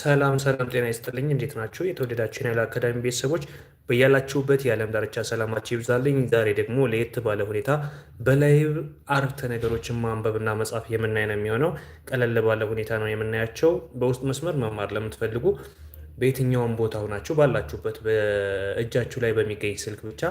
ሰላም ሰላም፣ ጤና ይስጥልኝ። እንዴት ናችሁ? የተወደዳችሁ የናይል አካዳሚ ቤተሰቦች በያላችሁበት የዓለም ዳርቻ ሰላማችሁ ይብዛልኝ። ዛሬ ደግሞ ለየት ባለ ሁኔታ በላይቭ አረፍተ ነገሮችን ማንበብና መጻፍ የምናይ ነው የሚሆነው። ቀለል ባለ ሁኔታ ነው የምናያቸው። በውስጥ መስመር መማር ለምትፈልጉ በየትኛውም ቦታ ሆናችሁ ባላችሁበት በእጃችሁ ላይ በሚገኝ ስልክ ብቻ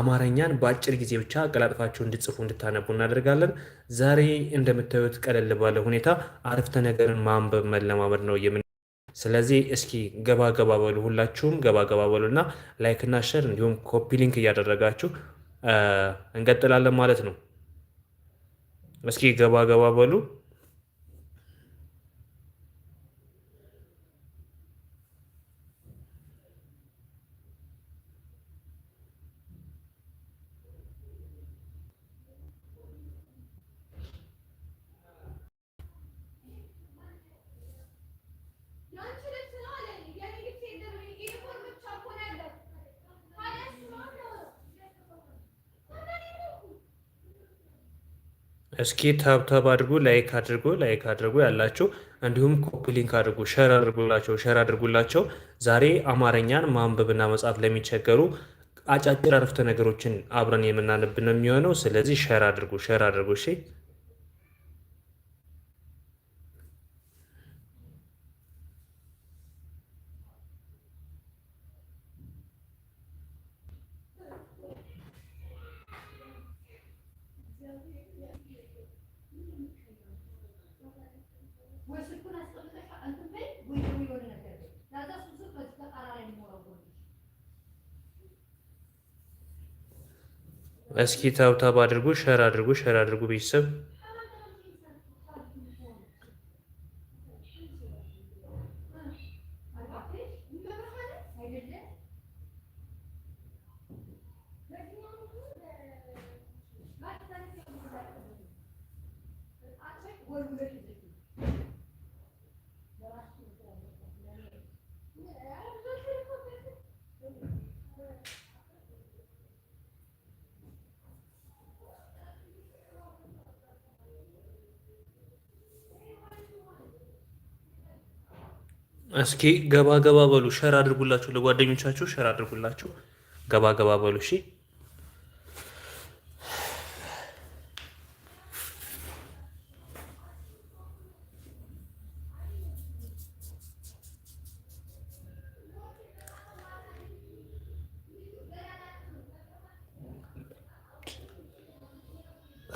አማርኛን በአጭር ጊዜ ብቻ አቀላጥፋችሁ እንድጽፉ እንድታነቡ እናደርጋለን። ዛሬ እንደምታዩት ቀለል ባለ ሁኔታ አረፍተ ነገርን ማንበብ መለማመድ ነው የምን ስለዚህ እስኪ ገባ ገባ በሉ ሁላችሁም ገባ ገባ በሉ እና ላይክ እና ሸር እንዲሁም ኮፒ ሊንክ እያደረጋችሁ እንቀጥላለን ማለት ነው። እስኪ ገባ ገባ በሉ። እስኪ ታብታብ አድርጉ፣ ላይክ አድርጉ፣ ላይክ አድርጉ ያላችሁ፣ እንዲሁም ኮፒ ሊንክ አድርጉ፣ ሸር አድርጉላቸው፣ ሸር አድርጉላቸው። ዛሬ አማርኛን ማንበብና መጻፍ ለሚቸገሩ አጫጭር አረፍተ ነገሮችን አብረን የምናነብ ነው የሚሆነው። ስለዚህ ሸር አድርጉ፣ ሸር አድርጉ እሺ። እስኪ ታብታብ አድርጉ፣ ሸር አድርጉ፣ ሸር አድርጉ ቤተሰብ እስኪ ገባ ገባ በሉ፣ ሸር አድርጉላችሁ፣ ለጓደኞቻችሁ ሸር አድርጉላችሁ። ገባ ገባ በሉ። እሺ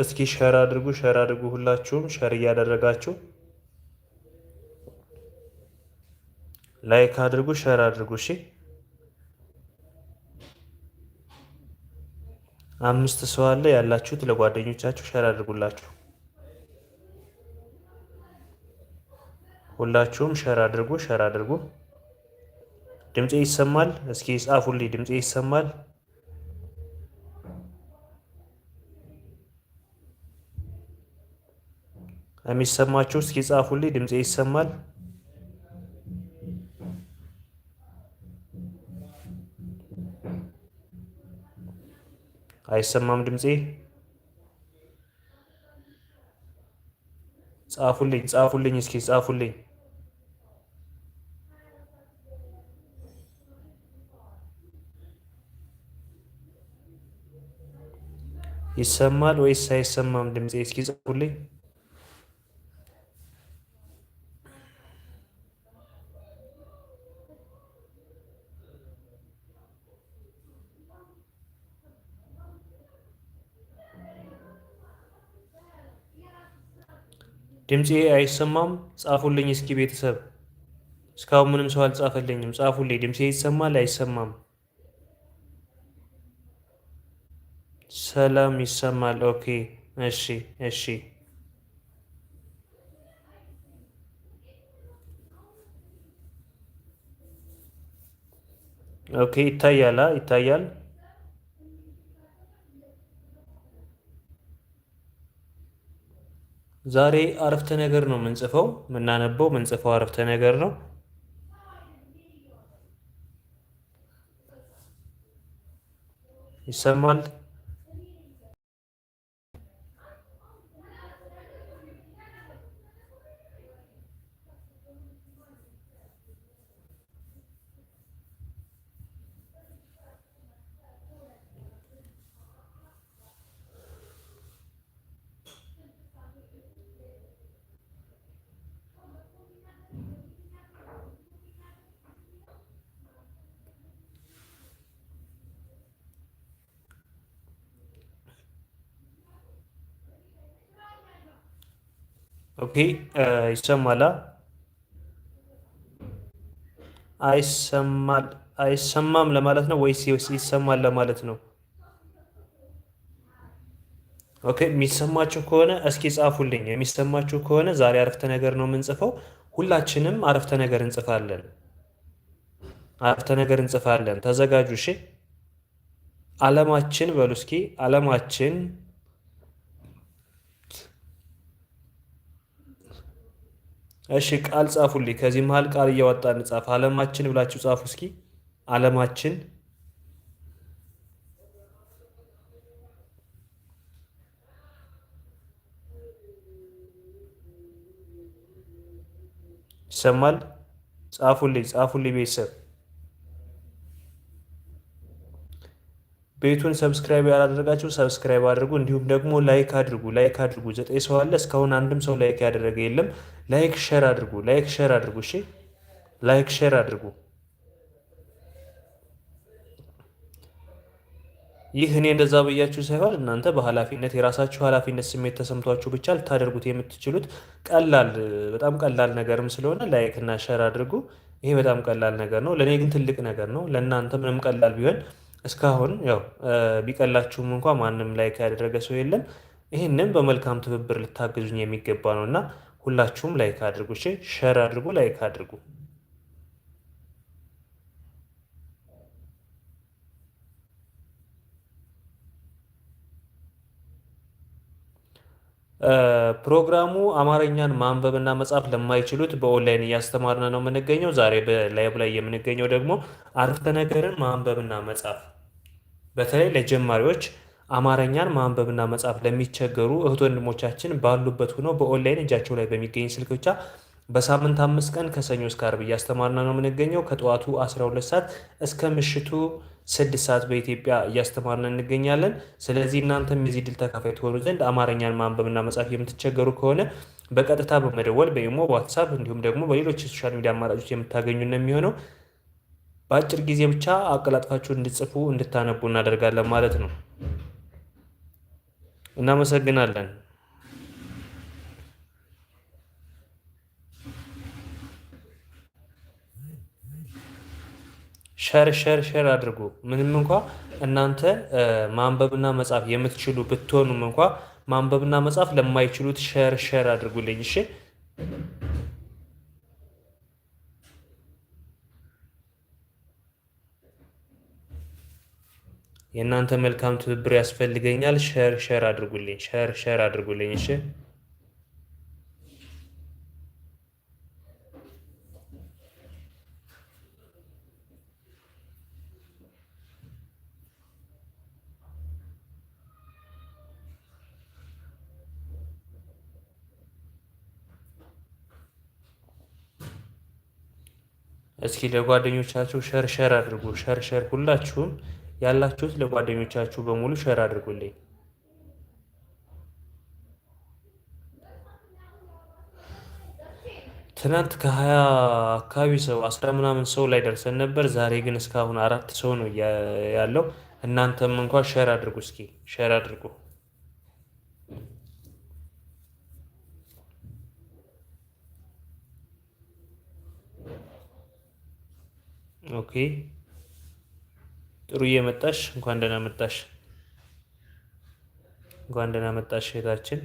እስኪ ሸር አድርጉ፣ ሸር አድርጉ። ሁላችሁም ሸር እያደረጋችሁ ላይክ አድርጉ፣ ሸር አድርጉ። እሺ አምስት ሰው አለ ያላችሁት ለጓደኞቻችሁ ሸር አድርጉላችሁ። ሁላችሁም ሸር አድርጉ፣ ሸር አድርጉ። ድምፄ ይሰማል? እስኪ ጻፉልኝ። ድምፄ ይሰማል? የሚሰማችሁ እስኪ ጻፉልኝ። ድምፄ ይሰማል? አይሰማም ድምፄ? ጻፉልኝ ጻፉልኝ እስኪ ጻፉልኝ። ይሰማል ወይስ አይሰማም ድምፄ? እስኪ ጻፉልኝ። ድምፄ አይሰማም? ጻፉልኝ እስኪ ቤተሰብ። እስካሁን ምንም ሰው አልጻፈልኝም። ጻፉልኝ። ድምፄ ይሰማል አይሰማም? ሰላም ይሰማል። ኦኬ፣ እሺ፣ እሺ። ኦኬ፣ ይታያል፣ ይታያል ዛሬ አረፍተ ነገር ነው የምንጽፈው። የምናነበው የምንጽፈው አረፍተ ነገር ነው። ይሰማል? ኦኬ ይሰማላ አይሰማል አይሰማም ለማለት ነው ወይስ ይሰማል ለማለት ነው? ኦኬ የሚሰማችሁ ከሆነ እስኪ ጻፉልኝ። የሚሰማችሁ ከሆነ ዛሬ አረፍተ ነገር ነው የምንጽፈው። ሁላችንም አረፍተ ነገር እንጽፋለን። አረፍተ ነገር እንጽፋለን። ተዘጋጁ። እሺ አለማችን በሉ እስኪ አለማችን እሺ ቃል ጻፉልኝ። ከዚህ መሀል ቃል እያወጣን ጻፍ። አለማችን ብላችሁ ጻፉ እስኪ አለማችን ይሰማል። ጻፉልኝ ጻፉልኝ ቤተሰብ ቤቱን ሰብስክራይብ ያላደረጋችሁ ሰብስክራይብ አድርጉ። እንዲሁም ደግሞ ላይክ አድርጉ ላይክ አድርጉ። ዘጠኝ ሰው አለ እስካሁን አንድም ሰው ላይክ ያደረገ የለም። ላይክ ሼር አድርጉ ላይክ ሼር አድርጉ። እሺ ላይክ ሼር አድርጉ። ይህ እኔ እንደዛ ብያችሁ ሳይሆን እናንተ በኃላፊነት የራሳችሁ ኃላፊነት ስሜት ተሰምቷችሁ ብቻ ልታደርጉት የምትችሉት ቀላል በጣም ቀላል ነገርም ስለሆነ ላይክ እና ሸር አድርጉ። ይሄ በጣም ቀላል ነገር ነው። ለእኔ ግን ትልቅ ነገር ነው። ለእናንተ ምንም ቀላል ቢሆን እስካሁን ያው ቢቀላችሁም እንኳ ማንም ላይክ ያደረገ ሰው የለም። ይህንም በመልካም ትብብር ልታግዙኝ የሚገባ ነው እና ሁላችሁም ላይክ አድርጉ፣ ሸር አድርጉ፣ ላይክ አድርጉ። ፕሮግራሙ አማርኛን ማንበብና መጻፍ ለማይችሉት በኦንላይን እያስተማርን ነው የምንገኘው። ዛሬ በላይ ላይ የምንገኘው ደግሞ አረፍተ ነገርን ማንበብና መጻፍ በተለይ ለጀማሪዎች አማርኛን ማንበብና መጻፍ ለሚቸገሩ እህት ወንድሞቻችን ባሉበት ሆነው በኦንላይን እጃቸው ላይ በሚገኝ ስልክ ብቻ በሳምንት አምስት ቀን ከሰኞ እስከ አርብ እያስተማርና ነው የምንገኘው። ከጠዋቱ 12 ሰዓት እስከ ምሽቱ ስድስት ሰዓት በኢትዮጵያ እያስተማርን እንገኛለን። ስለዚህ እናንተም የዚህ ድል ተካፋይ ትሆኑ ዘንድ አማርኛን ማንበብና መጻፍ የምትቸገሩ ከሆነ በቀጥታ በመደወል በኢሞ፣ ዋትሳፕ እንዲሁም ደግሞ በሌሎች የሶሻል ሚዲያ አማራጮች የምታገኙ ነው የሚሆነው። በአጭር ጊዜ ብቻ አቀላጥፋችሁ እንድጽፉ እንድታነቡ እናደርጋለን ማለት ነው። እናመሰግናለን። ሸር ሸር ሸር አድርጉ። ምንም እንኳ እናንተ ማንበብና መጻፍ የምትችሉ ብትሆኑም እንኳ ማንበብና መጻፍ ለማይችሉት ሸር ሸር አድርጉልኝ እሺ። የእናንተ መልካም ትብብር ያስፈልገኛል። ሸር ሸር አድርጉልኝ፣ ሸር ሸር አድርጉልኝ። እሺ እስኪ ለጓደኞቻችሁ ሸር ሸር አድርጉ። ሸር ሸር ሁላችሁም ያላችሁት ለጓደኞቻችሁ በሙሉ ሸር አድርጉልኝ። ትናንት ከሀያ አካባቢ ሰው አስራ ምናምን ሰው ላይ ደርሰን ነበር። ዛሬ ግን እስካሁን አራት ሰው ነው ያለው። እናንተም እንኳን ሸር አድርጉ፣ እስኪ ሸር አድርጉ። ኦኬ ጥሩዬ መጣሽ። እንኳን ደህና መጣሽ። እንኳን ደህና መጣሽ እህታችን።